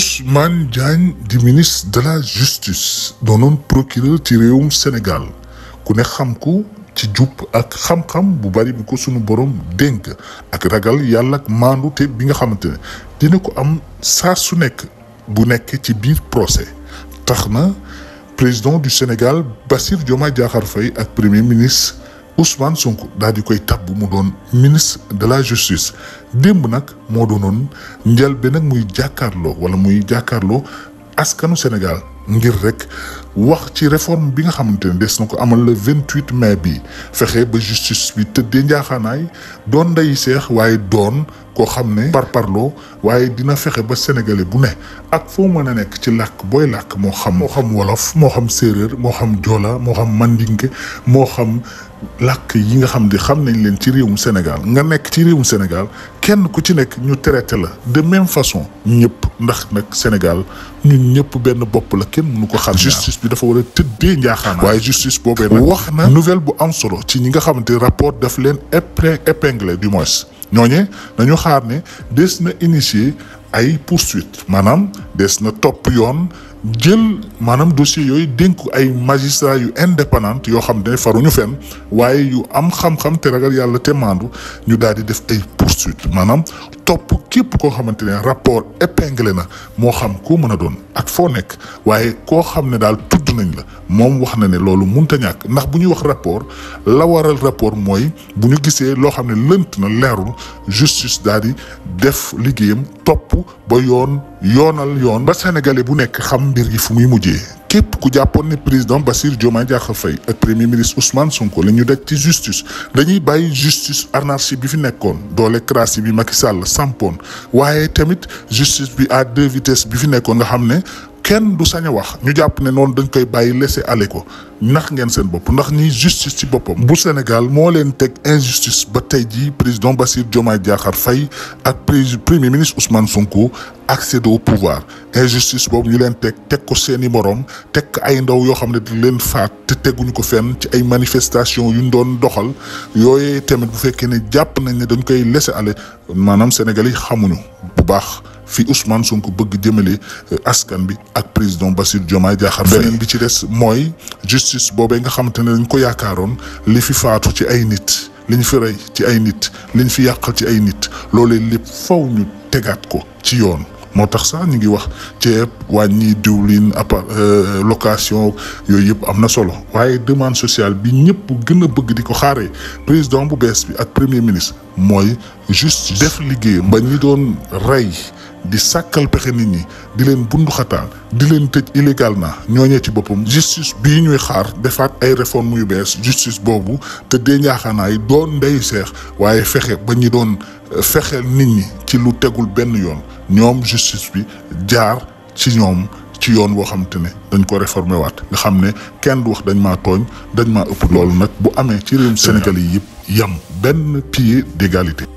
Ousmane Diagne di ministre de la justice doonoon procureur ci réewum Sénégal ku ne xam ci djup ak xam-xam bu bari bi ko sunu borom denk ak ragal yalla ak maandu te bi nga xamantene dina ko am sa su nek bu nek ci bir procès taxna président du Sénégal Bassirou Diomaye Diakhar Faye ak premier ministre Ousmane Sonko daal di koy tabb mu doon ministre de la justice démb nag moo doonoon njëlbéen nag muy jàkkaarloo wala muy jàkkaarloo askanu Sénégal ngir rek wax ci réforme bi nga xamante ne des na ko amal le 28 mai bi fexe ba justice bi tëddee njaaxaanaay doon ndeyi seex waaye doon ko xam par parlo waye dina fexé ba sénégalais bu né ak fo mëna nek ci làkk boy làkk mo xam mo xam wolof mo xam séeréer mo xam djola mo xam mandingue mo xam làkk yi nga xam di xam nañ leen ci réewum Sénégal nga nek ci réewum Sénégal kenn ku ci nek ñu traité la de même façon ñëpp ndax nak Sénégal ñun ñëpp benn bopp la kenn mënu ko xam justice bi dafa wara a tëddee njaaxaanaay waaye justice boobee nak wax na nouvelle bu am solo ci ñi nga xamante rapport daf leen épinglé du moins ñooñee nañu xaar ne des na initier ay poursuite maanaam des na topp yoon jël maanaam dossiers yooyu dénku ay magistrats yu indépendante yoo xam ne faruñu fenn waaye yu am xam-xam te ragal yàlla te maandu ñu daal di def ay poursuite manam top képp koo xamante rapport épinglé na moo xam koo mën a doon ak foo nekk waaye koo xam ne daal nañ la moom wax na ne loolu munta ñàkk ndax bu wax rapport la waral rapport mooy bu ñu gisee loo xam ne na leerul justice daal di def liggéeyam topp ba yoon yoonal yoon ba sénégalais bu nekk xam mbir yi fu muy mujjee képp ku jàppoon président Basir Diomaye Diakhar Faye ak premier ministre Ousmane Sonko la ñu daj ci justice dañuy bàyyi justice anarchie bi fi nekkoon doole crasi bi Macky Sall sampoon waaye tamit justice bi à deux vitesses bi fi nekkoon nga xam ne kenn du sañ a wax ñu jàpp ne noonu dañ koy bàyyi laisser aller ko ndax ngeen seen bopp ndax ñi justice ci boppam bu Sénégal moo leen teg injustice ba tey jii président Basir Diomaye Diakhar Faye ak premier ministre Ousmane Sonko accéder au pouvoir injustice bobu ñu leen teg teg ko seeni morom teg ay ndaw yo xamne di leen faat te teguñ ko fenn ci ay manifestation yu doon doxal yooyee tamit bu fekke ne jàpp nañ ne dañ koy laisser aller manam sénégalais xamuñu bu baax fi Ousmane Sonko bëgg jëmele askan bi ak président Bassir Diomaye Diakhar benen bi ci dess moy justice bobé nga xamantene dañ ko yaakaaroon li fi faatu ci ay nit liñ fi ray ci ay nit liñ fi yàqal ci ay nit loolee lépp faw ñu tegaat ko ci yoon moo tax sax ñu ngi wax ceeb wàññi diwlin appart euh, location yooyu yëpp am na solo waaye demande social bi ñëpp gën a bëgg di ko xaaree président bu bees bi ak premier ministre mooy juste def liggéey ba ñi doon rey di sàkkal pexe nit ñi di leen bunduxataal di leen tëj illégalement ñooñee ci boppam justice bii ñuy xaar defaat ay réformes yu bees justice boobu te dee njaaxaanaay doon ndey seex waaye fexe ba ñu doon euh, fexeel nit ñi ci lu tegul benn yoon ñoom justice bi jaar ci ñoom ci yoon woo xam ne dañ ko réformé waat nga xam ne kenn du wax dañ maa tooñ dañ maa ëpp loolu nag bu amee ci réewum Sénégal yi yëpp yam benn pied d'égalité